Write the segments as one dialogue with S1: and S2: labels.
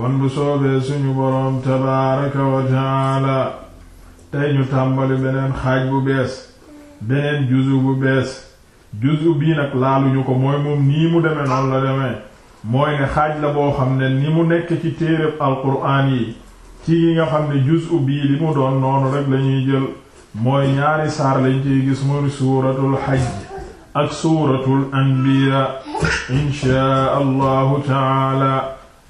S1: kon bu soobee suñu boroom tabaaraka wa taala tey ñu tàmbali beneen xaaj bu bees beneen juzu bu bees juzu bii nag laaluñu ko mooy moom nii mu deme noonu la demee mooy ne xaaj la boo xam ne ni mu nekk ci téereb alquraan yi ci yi nga xam ne juzu bii li mu doon noonu rek lañuy jël mooy ñaari saar lañ ci gis muy suuratul xaj ak suuratul anbiya inchaa allahu taala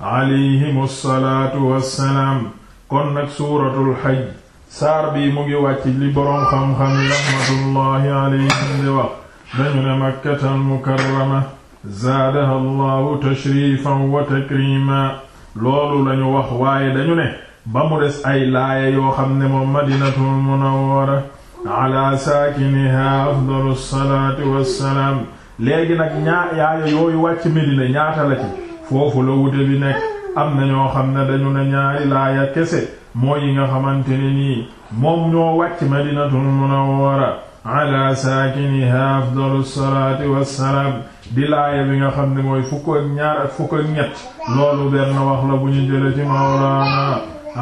S1: alayhim salaatu wassalaam kon nag suuratul xaj saar bii mu ngi wàcc li boroom xam-xam rahmatullahi alayhim di wax dañu ne makkatal mukarrama zaadaha allahu wa takrima loolu lañu wax waaye dañu ne ba mu des ay laaya yoo xam ne moom madinatul munawwara ala saakiniha afdalu léegi nag ñaa yaaya yooyu wàcc medina ñaata la foofu la wute bi nekk am na ñoo xam ne dañu ne ñaari laaya kese moo yi nga xamante ne nii moom ñoo wàcc madinatul munawwara ala saakiniha afdalu salaati wassalaam di laaya bi nga xam ne mooy fukk ak ñaar ak fukk ak ñett loolu benn wax la bu ñu jële ci mawlaana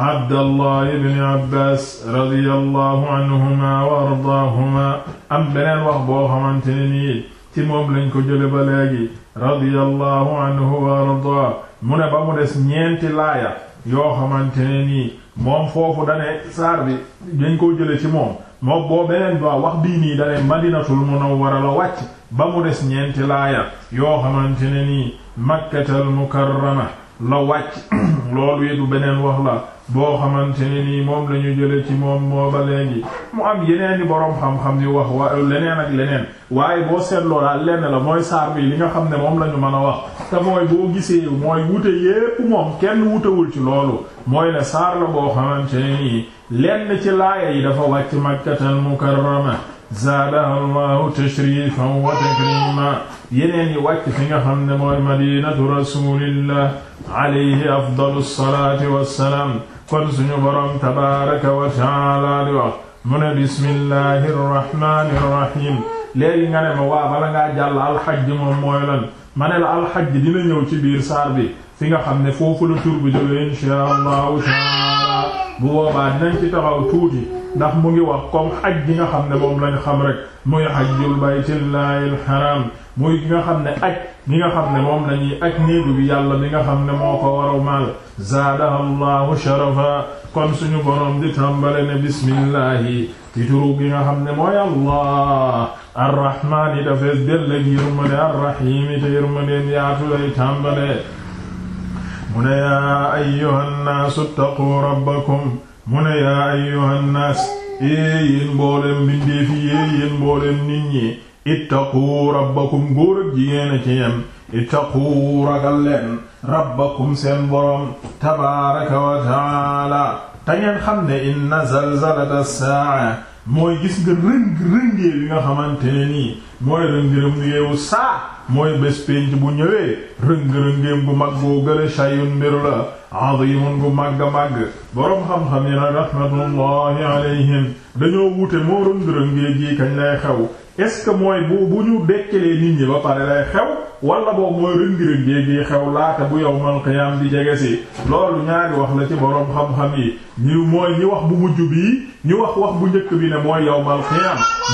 S1: abdallah ibni abbas radiyallahu anhuma wa ardaahuma am beneen wax boo xamante ne nii ci moom lañ ko jële ba léegi radiyallahu anhu wa arda mu ne ba mu des ñeenti laaya yoo xamante ne nii moom foofu dane saar bi dañ koo jële ci moom moo boo beneen ba wax bii nii dane madinatul munawwara la wàcc ba mu des ñeenti laaya yoo xamante ne nii makkatal mukarrama la wàcc loolu it beneen wax la boo xamante ni nii moom lañuy ñu jëlee ci moom moo ba léegi mu am yeneen i boroom xam-xam ni wax wa leneen ak leneen waaye boo seetloo daal lenn la mooy saar bi li nga xam ne moom la ñu mën a wax te mooy boo gisee mooy wute yépp moom kenn wutewul ci loolu mooy ne saar la boo xamante ne nii lenn ci laaya yi dafa wàcc makkatal mukarrama zaadaha llahu tashrifan wa takrima yeneen yi wàcc fi nga xam ne mooy madinatu rasulillah alayhi afdalu lsalati wassalaam kon suñu boroom tabaraka wa taala di wax mu ne bismillahi rrahmani rrahim léegi nga ne ma waa bala ngaa jàll alxajj moom mooy lan ma ne la alxajj dina ci biir saar bi fi nga xam ne foofu la tur bi jóge inshaa allahu taala bu boobaa dinañ ci taxaw tuuti ndax mu ngi wax comme xaj gi nga xam ne moom lañ xam rek muy xajjul baytillahi alxaram muy nga xam ne aj gi nga xam ne moom lañuy aj néegu bi yàlla bi nga xam ne moo ko waru maal zaadaha allahu sharafa kon suñu boroom di tàmbale ne bismillahi ci turu nga xam ne mooy allah arrahmaani dafees dellëg yërmande arrahimi te yërmandeen yaatu lay tàmbale mu ne yaa ayyuhan naasu ttaqu rabbakum mu ne yaa ayyuhan naas yéen mboolem mbindeef yi yéen mboolem nit ñi ittaqu rabbakum góor ak jigéen a ci yem ittaqu ragal leen rabbakum seen boroom tabaaraka wa taala te xam ne inna zalzalata as mooy gis nga rëng rëngee bi nga xamante ne nii mooy rëng-rëngeewu saa mooy bés pénc bu ñëwee rëng-rëngeem bu mag boo gële shayun mbiru la adimun bu màgg a màgg boroom xam-xam yi nag rahmatullahi alayhim dañoo wute moo rëng-rëngee ji kañ lay xew est-ce que mooy bu ñu dekkelee nit ñi ba pare lay xew wala boobu mooy rëngi-rëngee gi xew laata bu yawmal qiyaam di jege si loolu ñaari wax la ci boroom xam-xam yi ñi mooy ñi wax bu mujj bii ñi wax wax bu njëkk bi ne mooy yawmal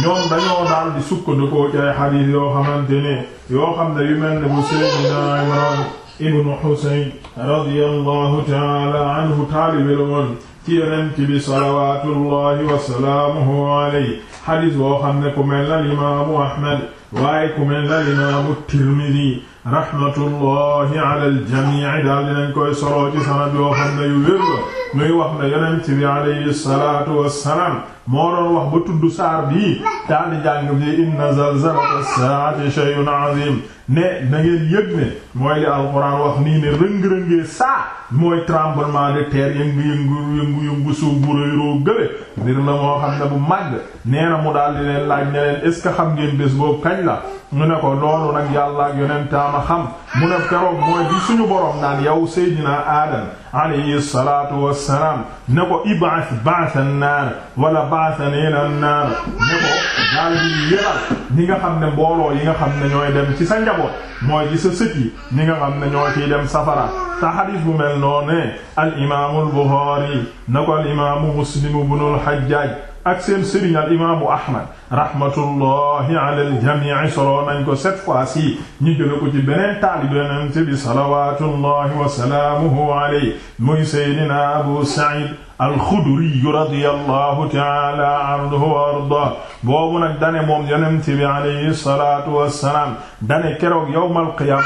S1: ñoom dañoo daal di sukkandikoo ci xadiis yoo xamante ne yoo xam ne yu mel ne bu Seydina Imraan ibnu Husayn radiyallahu ta'ala anhu taalibe la ci yonent bi salawaatullahi wasalaamuhu alayhi xadis boo xam ne ku mel na limaamu ahmad waaye ku mel na limaamu tirmidi rahmatullahi ala aljamii daal dinañ koy soroo ci sanad yoo xam ne yu wér la nuy wax ne yonent bi alayhi salaatu wassalaam moo doon wax ba tudd saar bii daal di jàng bi inna zalzalata saati shay'un azim ne na yëg ne mooy li alxuraan wax nii ne rëng-rëngee saa mooy tremblement de terre yëngu-yëngu yëngu-yëngu suuf bu rëy roo gële mbir la moo xam ne bu màgg nee na mu daal di leen laaj ne leen est ce que xam ngeen bés boobu kañ la ñu ne ko loolu nag yàlla ak yonentaama xam mu ne keroog mooy bi suñu boroom naan yow seydinaa aadam alayhi salaatu wassalaam ne ko ib'ath ba'than naar wala ba'than ila naar ne ko daal di yëral ñi nga xam ne mbooloo yi nga xam ne ñooy dem ci sa njaboot mooy ci sa sët nga xam ne ñoo ciy dem safara ta hadith mel noonu ne al imaamul Buxaari na ko al imaamu muslimu bunul xajjaaj ak seen sëriñ al imaamu ahmad rahmatullahi ala aljamii soloo nañ ko cette fois-ci ñu jële ko ci beneen taalib yonent bi salawatullahi wa salaamuhu alayhi muy seydina abu sa'id alxudriyu radi allahu taala anhu wa arda boobu nag dane moom yonent bi alayhi salaatu wassalaam dane keroog yowmal qiyaam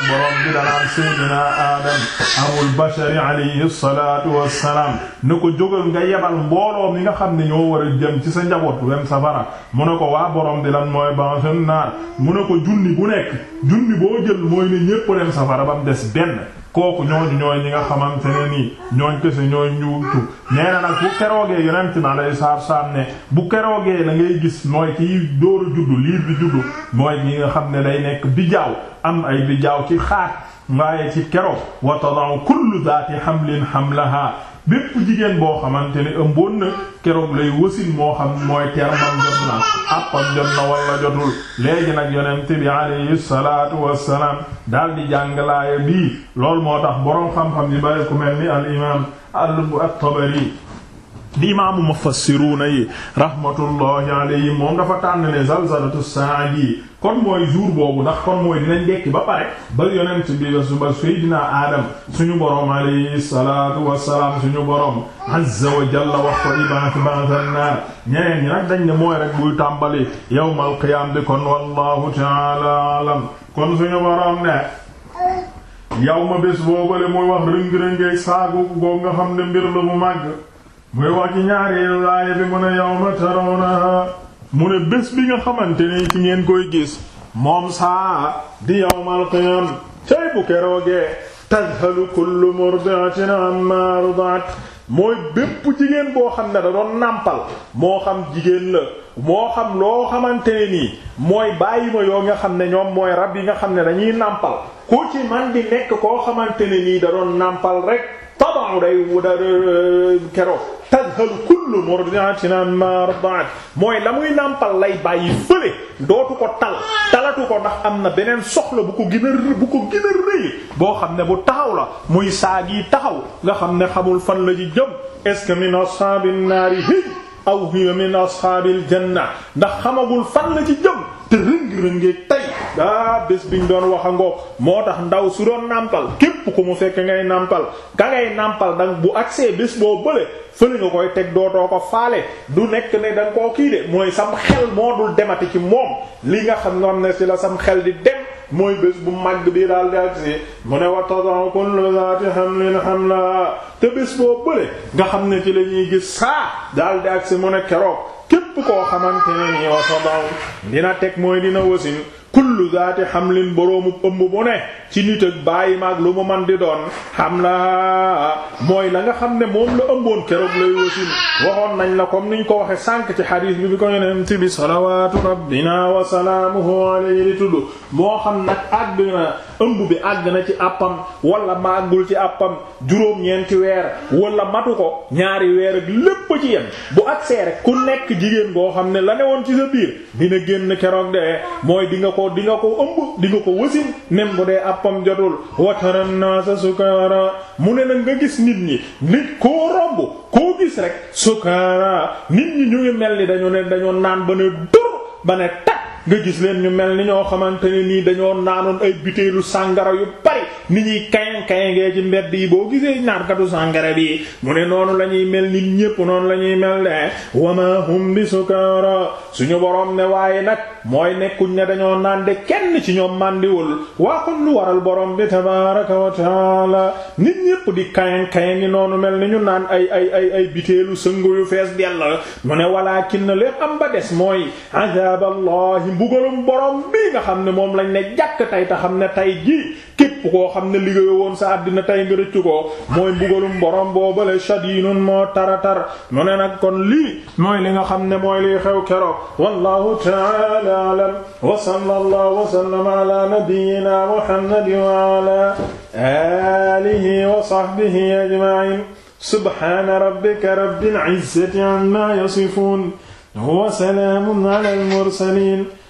S1: seydina aadam abul bashari alayhi salaatu wassalaam ne ko jógal nga yebal mbooloo mi nga xam ne ñoo war a jëm ci sa njaboot wem safara mu ne ko waa borom bi lan mooy bansen naar mu ne ko junni bu nekk junni boo jël mooy ne ñépp dem safara bam des benn kooku ñooñu ñooy ñi nga xamante ne nii ñooñ kese ñooy ñuutu nee na nag bu keroogee yonent na lay saar saam ne bu keroogee da ngay gis mooy kiy dóor a juddu liir bi juddu mooy ñi nga xam ne day nekk bijaaw am ay bijaaw ci xaat waaye ci keroog wa tada'u kullu zaati hamlin hamlaha bépp jigéen boo xamante ne ëmboon na keroog lay wasin moo xam mooy termam jot na àppam jot na walla jotul léegi nag yonent bi alayhi salaatu wassalaam daal di jàng laaya bii loolu moo tax boroom xam-xam yi bari ku mel ni al imaam al di imaamu mufassiruuna yi rahmatullahi moom dafa tànn ne zalzalatu saadi kon mooy jour boobu ndax kon mooy dinañ dekki ba pare ba yonent bi ba seydina aadam suñu boroom alayhi salaatu wassalaam suñu boroom azza wa jalla wax ko ibaat ba'than dañ ne mooy rek buy tàmbali yawmal qiyaam bi kon wallahu ta'ala kon suñu boroom ne yow ma boobale muy wax rëng saagu goo xam ne mbir la mu màgg muy wax ci ñaareelu laaya bi mu ne yawma tarawnaha mu ne bés bi nga xamante ne ci ngeen koy gis moom saa di yawmal qiyam cay bu keroogee tadhalu kullu murdi'atin amma arda'at mooy bépp jigéen boo xam ne da doon nàmpal moo xam jigéen la moo xam loo xamante ne nii mooy bàyyi ma yoo nga xam ne ñoom mooy rab yi nga xam ne dañuy nàmpal ku ci man di nekk koo xamante ne nii da doon nàmpal rek tabaxu day da euh, keroog tadhalu kullu murdi'atin amma arda'at mooy la muy nàmpal lay bàyyi fële ko tal talatu ko ndax am na beneen soxla bu ko gën a boo xam ne bu taxaw la muy saag yi taxaw nga xam ne xamul fan la ci jëm est-ce que min ashabin naar hi aw hiya min ashabil janna ndax xamagul fan la ci jëm te rëng-rëngee tay daa bés bi ñu doon wax a moo tax ndaw su doon nàmpal képp ko mu fekk ngay nàmpal ka ngay nàmpal dang bu agsee bés boo bële fële nga koy teg dootoo ko faale du nekk ne danga koo kii de mooy sam xel moo dul demati ci moom li nga xam nga ne ci la sam xel di dem mooy bés bu màgg bi daal di agsee mu ne wa tad'u kullu zaati hamlin hamla te bés boo bële nga xam ne ci la ñuy gis saa daal di agsee mu ne keroog képp koo xamante ne nii wa tad'u dina teg mooy dina kullu zaati xamlin boroomu ëmb mu ne ci nit ak bàyyi maag lu mu man di doon xam naa mooy la nga xam ne moom la ëmboon keroog lay wasin waxoon nañ la comme niñ ko waxe sànk ci xadiis bi bi ko yonent bi salawaatu rabbina wa salaamuhu alayhi tudd moo xam nag àddina ëmb bi àgg na ci àppam wala màggul ci àppam juróom-ñeenti weer wala matu ko ñaari weer ak lépp ci yem bu agsee rek ku nekk jigéen boo xam ne la ne woon ci sa biir dina génn keroog de mooy di nga ko di nga ko ëmb di ko wasin même bu dee àppam jotul watara naa sa sukaara mu ne nag nga gis nit ñi nit koo romb koo gis rek sukaara nit ñi ñu ngi mel ni dañu ne dañoo naan ba ne dur ba ne tak nga gis leen ñu mel ni ñoo xamante ne nii dañoo naanoon ay butéelu sàngara yu bari ni ñuy kayan kayangee ci mbedd yi boo gisee ñaankatu sàngara bi mu ne noonu la ñuy mel nit ñépp noonu la ñuy mel de wama hum bi sukara suñu boroom ne waaye nag mooy nekkuñ ne dañoo naan de ci ñoom màndiwul waa waral boroom bi tabaraka wa taala di kayan kayangi noonu mel ni ñu naan ay ay ay ay butéelu sëngu yu fees dell mu ne walaakin lépp am ba des mooy azab mbugalum borom bii nga xam ne moom lañ ne jàkk tey te xam ne tey jii képp koo xam ne liggéey woon sa àddina tey nga rëccu ko mooy mbugalum borom boobale shadidun moo taratar mu ne nag kon lii mooy li nga xam ne mooy liy xew keroog wallahu ta'ala alam wa sallallahu wa sallama ala nabiyyina muhammadin wa ala alihi wa sahbihi ajma'in subhana rabbika rabbil izzati amma yasifun wa salaamun ala al-mursaliin